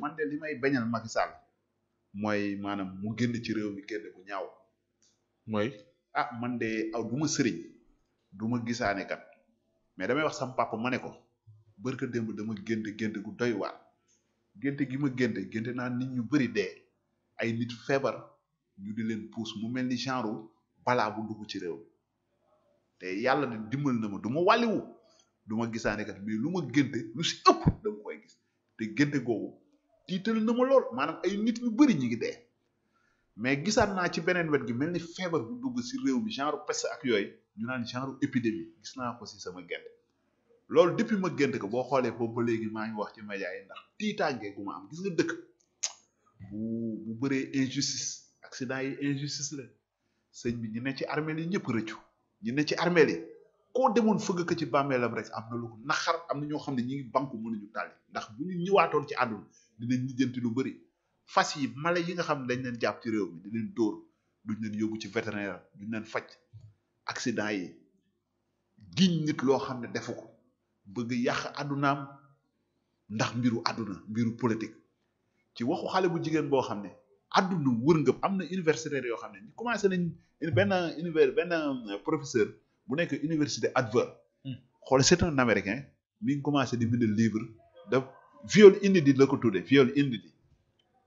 man de li may bañal Macky Sall mooy maanaam mu génn ci réew mi génn bu ñaaw mooy ah man de aw du sëriñ duma gisaane kat mais damay wax sam papa ma ne ko barka démb dama gént gént gu doy waar gént gi ma gént gént naa nit ñu bari dee ay nit feebar ñu di leen puus mu mel ni genre balaa bu dugg ci réew te yàlla de dimbal na ma du ma wàlliwu du ma gisaane kat mais lu ma gént lu si ëpp dama koy gis te gént googu tiital na ma lool maanaam ay nit ñu bëri ñi ngi dee mais gisaat naa ci beneen wet gi mel ni feebar bu dugg si réew mi genre peste ak yooyu ñu naan genre épidémie gis naa ko si sama gént loolu depuis ma gént ko boo xoolee boobu léegi maa ngi wax ci média yi ndax tiitaange gu ma am gis nga dëkk bu bu bëree injustice accident yi injustice la sëñ bi ñu ne ci armeel yi ñëpp rëccu ñu ne ci armeel yi koo demoon fëgg ko ci bàmmeelam rek am na lu ko am na ñoo xam ne ñi ngi banku ñu tàlli ndax bu ñu ñëwaatoon ci àdduna dinañ lijjanti lu bëri fas yi mala yi nga xam ne dañ leen jàpp ci réew mi di leen dóor duñ leen yóbbu ci vétérinaire duñ leen faj accident yi giñ nit loo xam ne defu ko bëgg yàq àddunaam ndax mbiru adduna mbiru politique ci waxu xale bu jigéen boo xam ne àdduna wër ngëp am na universitaire yoo xam ne ñu commencé nañ benn univers benn professeur bu nekk université Harvard hmm. xool c'est un américain mi ngi commencé di bind livre viol inédit la ko tuddee viol inédit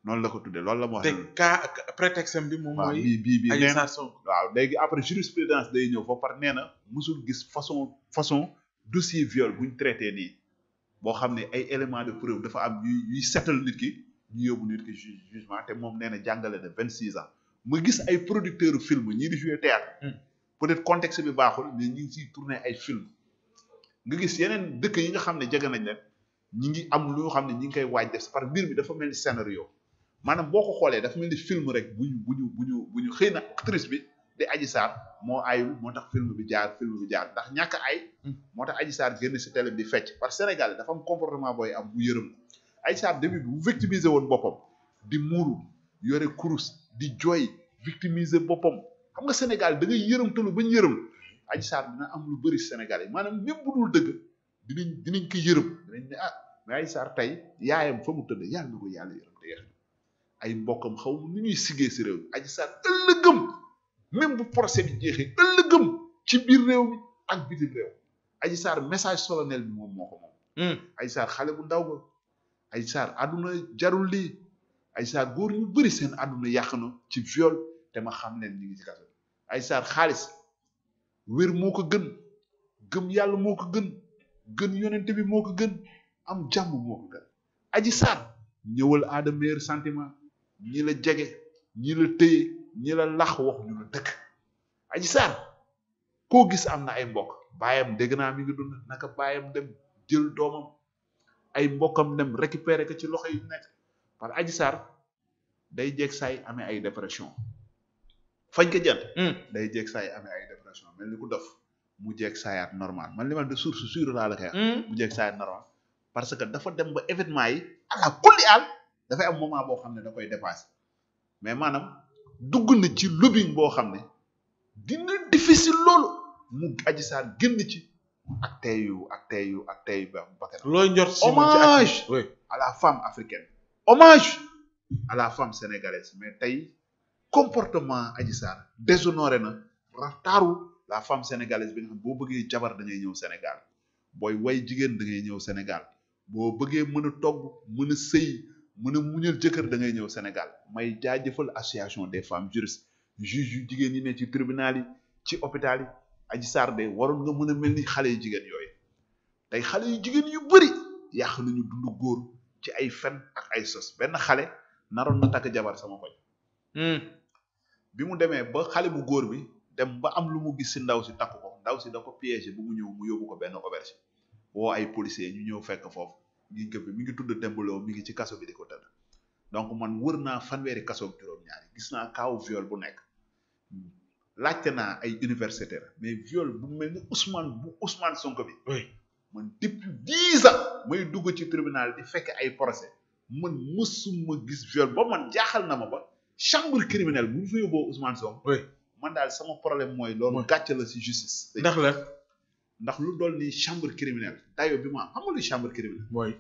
noonu la ko tuddee loolu la ma wax. te cas prétexte bi moom mooy. bii bii bii nee na waaw léegi après jurisprudence day ñëw foofu par nee na musul gis façon façon dossier viol bu ñu traité nii boo xam ne ay éléments de preuve dafa am yuy yuy setal nit ki ñu yóbbu nit ki jugement te moom nee na jàngale na vingt six ans ma gis ay producteurs film ñii di jouer théâtre hmm. peut-être contexte bi baaxul mais ñu ngi ciy tourner ay film nga gis yeneen dëkk yi nga xam ne jege nañ leen. ñi ngi am lu xam ne ñi ngi koy waaj des par mbir mi dafa mel ni scénario maanaam boo ko xoolee dafa mel ni film rek bu ñu bu ñu bu ñu bu xëy na actrice bi di Adji Sarr moo ayul moo tax film bi jaar film jaar ndax ñàkk ay moo tax Adji Sarr génn si télé bi di fecc par Sénégal dafa am comportement booy am bu yërëm Adji Sarr début bu victimiser woon boppam di muuru yore kurus di joy victimiser boppam xam nga Sénégal da ngay yërëmtalu bañ yërëm Adji bi dina am lu bëri Sénégal yi maanaam même bu dul dëgg dinañ dinañ ko yërëm ah mais ay sar tey yaayam fa mu tëdd yàlla na ko yàlla yërëm te yërëm ay mbokkam xaw nu ñuy siggee si réew mi aji sar ëllëgëm même bu procès bi jeexee ëllëgëm ci biir réew mi ak bitim réew aji sar message solennel bi moom moo ko moom hmm. xale bu ndaw ba aji sar àdduna jarul lii ay sar góor ñu bari seen àdduna yàq na ci viol te ma xam ne ñu ngi ci kaso aji sar xaalis wér moo ko gën gëm yàlla moo ko gën gën yonente bi moo ko gën am jàmm moo ko gën aji saar ñëwal à de meilleurs ñi la jege ñi la téye ñi la lax wax ñu la dëkk aji saar koo gis am na ay mbokk baayam dégg naa mi ngi dund naka baayam dem jël doomam ay mbokkam dem récupérer ko ci loxo yu nekk par aji saar day jeeg saay amee ay dépression fañ ko jël hmm. day jeeg saay amee ay dépression mel ni ku dof mu jeeg saayaat normal man li ma de source sûre laa la koy wax hmm. mu jeeg saayaat normal parce que dafa dem ba événement yi ala kulli al dafay am moment boo xam ne da koy dépassé mais maanaam dugg na ci lobbying boo xam ne dina difficile loolu mu Adji Sarr génn ci ak yu ak teyu ak teyu ba bakkan looy njort ci hommage à la femme africaine hommage à la femme sénégalaise mais tey comportement Adji Sarr déshonoré na rataaru la femme sénégalaise bi nga xam boo bëggee jabar da ñëw Sénégal booy way jigéen da ñëw Sénégal boo bëggee mën a togg mën a sëy mën a muñal jëkkër da ngay ñëw Sénégal may jaajëfal association des femmes juristes juge yu jigéen ñi ne ci tribunal yi ci hôpital yi aj sarde de waroon nga mën a mel ni xale yu jigéen yooyu tey xale yu jigéen yu bari yàq nañu dund góor ci ay fen ak ay sos benn xale naroon na takk jabar sama koñ hmm. bi mu demee ba xale bu góor bi dem ba am lu mu gis si ndaw si takk ko ndaw si da ko piégé bu mu ñëw mu yóbbu ko benn auberge woo ay policiers ñu ñëw fekk foofu ñu ngi bi mi ngi tudd Dembaloo mi ngi ci kaso bi di ko tëdd donc man wër naa fanweeri kaso ak juróom-ñaari gis naa kaawu viol bu nekk laajte naa ay universitaire mais viol bu mel ni Ousmane bu Ousmane Sonko bi. man depuis dix ans dugg ci tribunal di fekk ay procès man mësuma gis viol ba man jaaxal na ma ba chambre criminelle bu ñu fa yóbboo Ousmane man daal sama problème mooy. loolu gàcce la si justice. ndax la. ndax lu dool ni chambre criminelle dayo bi mu am xam chambre criminelle mooy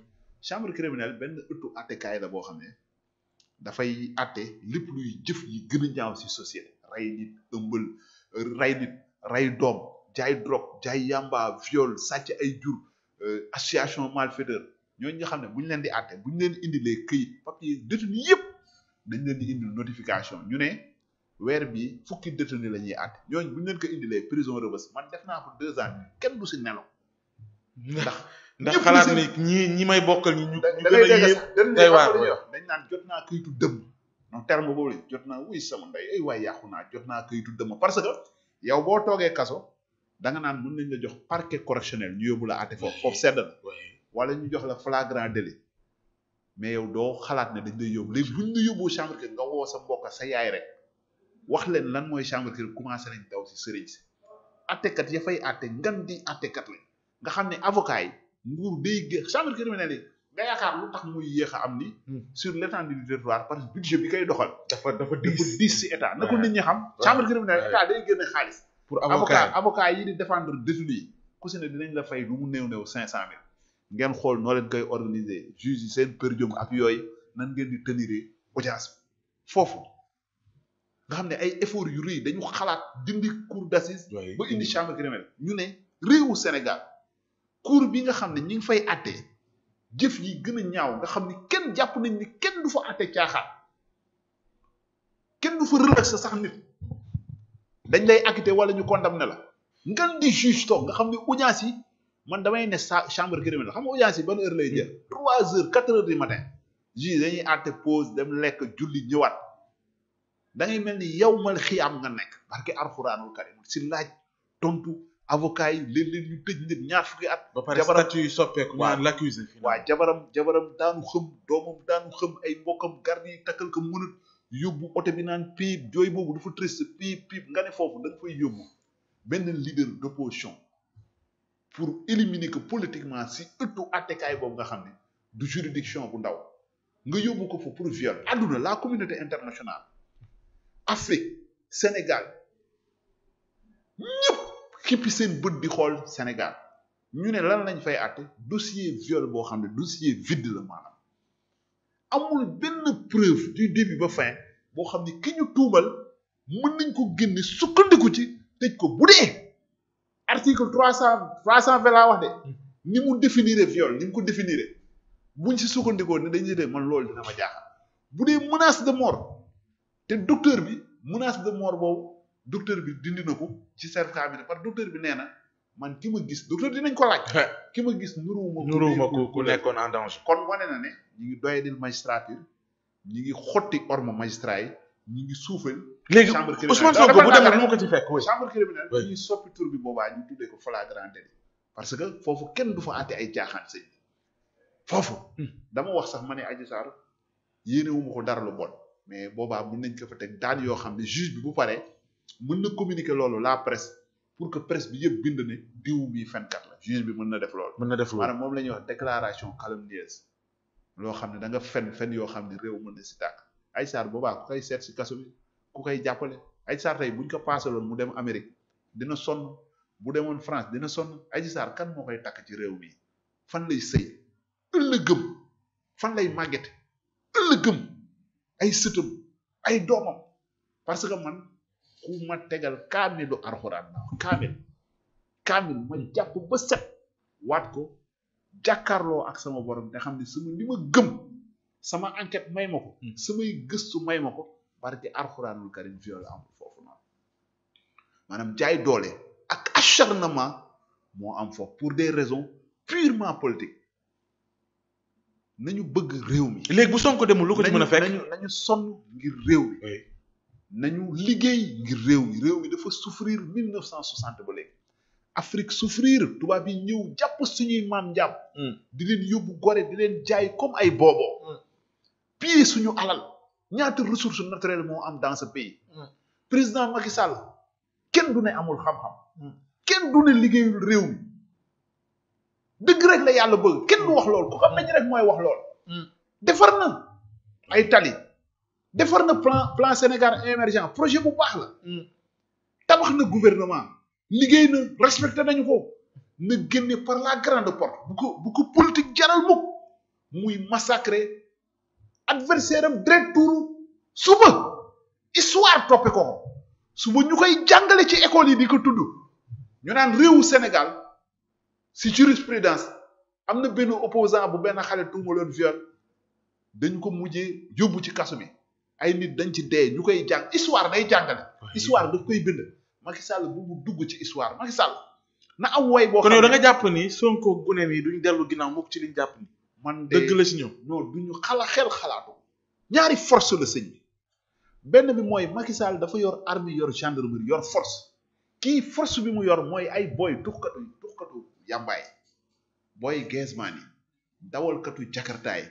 chambre criminelle benn ëttu attekaay la boo xam ne dafay atte lépp luy jëf yi gën a ñaaw ci société rey nit ëmbal rey nit rey doom jaay drogue jaay yamba viol sàcc ay jur euh, association malfaiteur ñooñu nga xam ne bu ñu leen di atte bu ñu leen indi indilee këyit papier détenu yëpp dañ leen di indil notification ñu ne weer bi fukki détenu la ñuy àtte ñooñu bu ñu leen ko indilee prison Rebeuss man def naa ko deux ans kenn du si nelaw. ndax ndax xalaat ni ñi ñi may bokkal ñu. ñu gën a yéem day waar dañ naan jot naa këyitu dëmm. donc jot naa wuy sama ndey ay waay naa jot naa këyitu dëmm parce que yow boo toogee kaso da nga naan mun nañ la jox parquet correctionnel ñu yóbbu la àtte foofu foofu sedd na wala ñu jox la flagrant délit mais yow doo xalaat ne dañ lay yóbbu léegi buñ la yóbbu chambre que nga woo sa mbokk sa yaay rek wax leen lan mooy chambre commencé nañ daw si sëriñ ya fay atte ngan di attekat nga xam ne avocat yi nguur day gé chambre criminelle yi nga yaakaar lu tax muy yéex a am ni hmm. sur l'étendue du territoire parce que budget bi koy doxal dafa dafa diis si état na ko nit xam chambre criminelle état day génne xaalis pour yi défendre détenu yi dinañ la fay lu mu néew néew cinq cent ngeen xool noo leen koy organiser juge yi seen pér ak yooyu nan ngeen di tenir audience foofu nga xam ne ay effort yu rëy dañu xalaat dindi cour d'assises ba indi chambre criminelle ñu ne réewu Sénégal cour bi nga xam ne ñi ngi fay àttee jëf yi gën a ñaaw nga xam ni kenn jàpp nañ ni kenn du fa àtte caaxaan kenn du fa relaxé sax nit dañ lay acquitté wala ñu condamné la ngan di juge toog nga xam ne audience yi man damay ne sa chambre criminelle xam nga audience yi ban heure lay jël trois heures quatre heures du matin juge dañuy àtte pause dem lekk julli ñëwaat da mel ni yawmal xiyaam nga nekk barke alxuraanul karim si laaj tontu avocat yi léeg-léeg ñu tëj nit ñaar fukki at. ba yi soppeeku ñu l'accusé. waaw jabaram jabaram daanu xëm doomam daanu xëm ay mbokkam garde yi takkal ko mënut yóbbu oto bi naan piip jooy boobu dafa triste piip nga ne foofu da yóbbu benn leader d'opposition pour éliminer ko politiquement si ëttu attekaay boobu nga xam ne du juridiction bu ndaw nga yóbbu ko fa pour viol. àdduna la communauté internationale. Afrique Sénégal ñëpp xippi seen bët di xool Sénégal ñu ne lan lañ fay àtte dossier viol boo xam ne dossier vide la maanaam amul benn preuve du début ba fin boo xam ne ki ñu tuumal mën nañ ko génne sukkandiku ci tëj ko bu dee article trois cent trois cent vela laa wax de ni mu définir viol ni mu ko définir buñ si sukkandikoo ne dañuy de man loolu dina ma jaaxal bu dee menace de mort. te docteur bi menace de mort boobu docteur bi dindi na ko ci certificat bi par docteur bi nee na man ki ma gis docteur dinañ ko laaj. ki ma gis nuruwuma ko nuruwuma ko ku nekkoon en danger. kon wane na ne ñu ngi doyadil magistrature ñu ngi xotti orma magistrat yi ñu ngi suufal. léegi Ousmane Sonko bu demee nu ko ci fekk. chambre criminelle dañuy soppi tur bi boobaa ñu tuddee ko flagrant délit parce que foofu kenn du fa àtte ay caaxaan sëñ foofu. Hmm. dama wax sax ma ne Adji Sarr yéene ko dara lu bon. mais boobaa mun nañ ko fa teg daan yoo xam ne juge bi bu paree mën na communiquer loolu la presse pour que presse bi yëpp bind ne diw mi fenkat la juge bi mën na def loolu. mën na def loolu maanaam moom la ñuy wax déclaration calomnieuse loo xam ne da nga fen fen yoo xam ne réew mën na si tàkk ay saar boobaa ku kay seet si kaso bi ku koy jàppale ay saar tey buñ ko passé loon mu dem Amérique dina sonn bu demoon France dina sonn Adji Sarr kan moo koy takk ci réew mi fan lay sëy ëllëgëm fan lay màggete ay sëtam ay doomam parce que man ku ma tegal kaamilu arxuraan naa kaamil kaamil ma jàpp ba set waat ko jàkkaarloo ak sama borom te xam ne sama li ma gëm sama enquête may ma ko hmm. samay gëstu may ma ko barke arxuraanul karim viol amul foofu noonu maanaam jaay doole ak acharnement moo am foofu pour des raisons purement politiques nañu bëgg réew mi. léegi bu Sonko demul lu ko ci mën a fekk nañu nañu ngir réew mi. nañu liggéey ngir réew mi réew mi dafa souffrir 1960 ba léegi. Afrique souffrir tubaab yi ñëw jàpp suñuy maam njàmm. di leen yóbbu gore di leen jaay comme ay booboo. Hmm. piller suñu alal ñaata ressource naturelle moo am dans ce pays. Hmm. président Macky Sall kenn du ne amul xam-xam. Hmm. kenn du ne liggéeyul réew mi. dëgg rek la yàlla bëgg kenn du wax lool ko xam nañ rek mooy wax lool. Hmm. defar na ay tali defar na plan plan Sénégal émergent projet bu baax la. Hmm. tabax na gouvernement liggéey na respecté nañu ko na génne par la grande porte bu ko bu ko politique jaral mukk muy massacrer adversaire am directeur suba histoire toppe ko suba ñu koy jàngale ci école yi di ko tudd ñu naan réewu Sénégal. si jurisprudence am na benn opposant bu benn xale tuumaloon viol dañ ko mujjee yóbbu ci kaso bi ay nit dañ ci dee ñu koy jàng histoire day jàngale. histoire daf koy bind. Macky Sall bu mu dugg ci histoire Macky Sall na am woy boo. xam ne da nga jàpp ni Sonko gune yi duñ dellu ginnaaw mukk ci liñ jàpp ni. man de dëgg la si ñoom. non duñu xala xel xalaatu. ñaari force la sëñ bi benn bi mooy Macky dafa yor armée yor gendarmerie yor force kii force bi mu yor mooy ay boy tuxkatu tuxkatu yàmbaay booy geesmaan yi dawalkatu jakartaay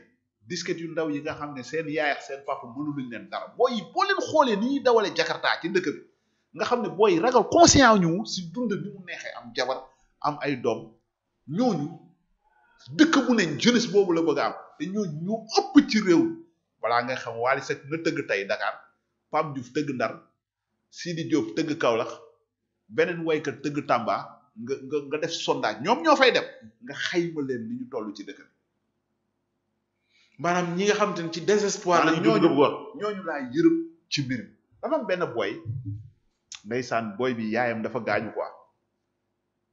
disket yu ndaw yi nga xam ne seen yaay ak seen papa mënuluñ leen dara booy yi boo leen xoolee ni ñuy dawale jakartaa ci dëkk bi nga xam ne booy ragal conscient ñu si dund bi mu neexee am jabar am ay doom ñooñu dëkk bu ne jeunesse boobu la bëgg am te ñooñu ñoo ëpp ci réew balaa nga xam Wally Seck nga tëgg tey Dakar Pape Diouf tëgg Ndar di Diop tëgg Kaolack beneen waykat tëgg Tamba nga nga nga def sondage ñoom ñoo fay dem nga xayma leen ni ñu tollu ci dëkk bi maanaam ñi nga xam te ne ci désespoir. lañu ñooñu ñooñu laa yërëm ci mbir mi dafa am benn boy ndeysaan bi yaayam dafa gaañu quoi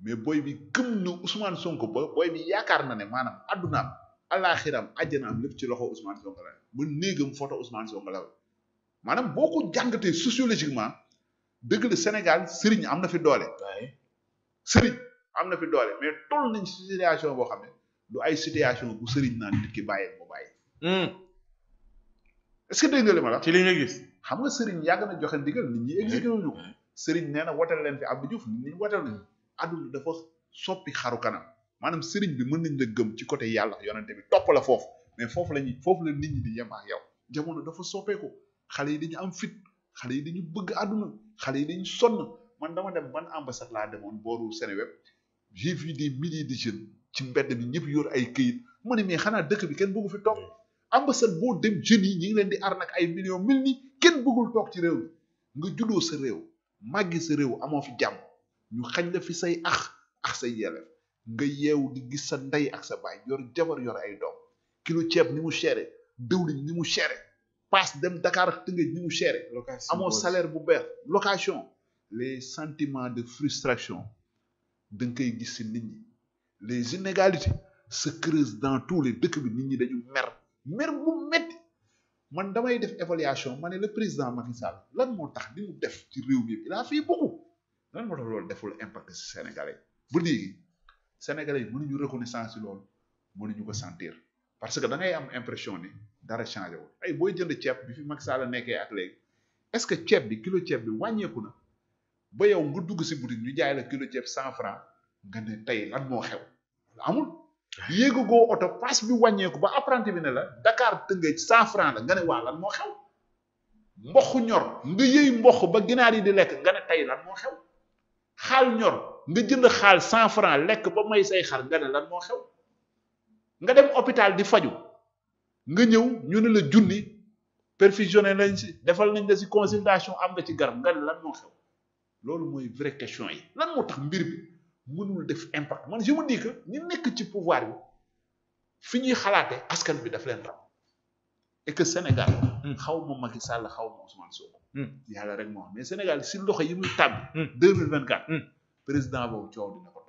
mais boy bi gëm na Ousmane Sonko ba boy yaakaar na ne maanaam addunaam alaaxiram àjjanaam lépp ci loxo Ousmane Sonko la ba néegam photo Ousmane maanaam boo ko jàngatee sociologiquement dëgg la am na fi doole. sëriñ am na fi doole mais toll nañ situation boo xam ne lu ay situation bu sëriñ naan nit ki bàyyi mu bàyyi. Hmm. est-ce que nga li ma la. ci li nga gis. xam nga sëriñ yàgg na joxe ndigal nit ñi exécuté wuñu ko. Hmm. sëriñ nee na leen fi ab Abdou Diouf nit ñi wotal nañu. àdduna dafa soppi xaru kanam maanaam sëriñ bi mën nañ la gëm ci côté yàlla yonante bi topp la foofu mais foofu la ñuy foofu la nit ñi di yem ak yow. jamono dafa soppeeku xale yi dañu am fit xale yi bëgg àdduna xale man dama dem ban ambassade laa demoon booru Seneweb j'ai vu des milliers de jeunes ci mbedd bi ñëpp yor ay këyit ma ne mais xanaa dëkk bi kenn bëggu fi toog ambassade boo dem jeunes yi ñu ngi leen di arnak ay millions mil ni kenn bëggul toog ci réew mi nga juddoo sa réew màggi sa réew amoo fi jàmm ñu xañ la fi say ax ax say yelleef nga yeew di gis sa ndey ak sa baay yor jabar yor ay doom kilo ceeb ni mu chéré dëwlin ni mu chéré paas dem Dakar ak Tëngéej ni mu chéré amoo salaire bu beex location les sentiments de frustration da nga koy gis ci nit ñi les inégalités se creusent dans tous les dëkk bi nit ñi dañu mer mer bu metti man damay def évaluation ma ne président Macky lan moo tax li mu def ci réew mi il a fait beaucoup lan moo tax loolu deful impact ci sénégalais ba léegi sénégalais yi mënuñu reconnaissance ci loolu mënuñu ko sentir parce que da ngay am impression ni dara changé wul ay booy jënd ceeb bi fi Macky Sall nekkee ak léegi est-ce que ceeb bi kilo ceeb bi wàññeeku na. ba yow nga dugg si boutique ñu jaay la kilo ceeb cent franc nga ne tey lan moo xew amul yéegagoo oto paas bi wàññeeku ba apprenti bi ne la Dakar Tëngéej cent franc la nga ne waa lan moo xew mboq ñor nga yëy mboq ba ginaar yi di lekk nga ne tey lan moo xew xaal ñor nga jënd xaal cent franc lekk ba may say xar nga ne lan moo xew nga dem hôpital di faju nga ñëw ñu ne la junni perfusionné lañ si defal nañ la si consultation am na ci garab nga ne lan loolu mooy vraie question yi lan moo tax mbir bi mu def impact man je me dis que nekk ci pouvoir bi fi ñuy xalaate askan bi daf leen raw et que Sénégal. Hmm. xaw ma Macky Sall xaw ma Ousmane Sonko. Hmm. yàlla rek moom mais Sénégal si loxo yi muy tàbbi. 2024. président boobu coow dina ko.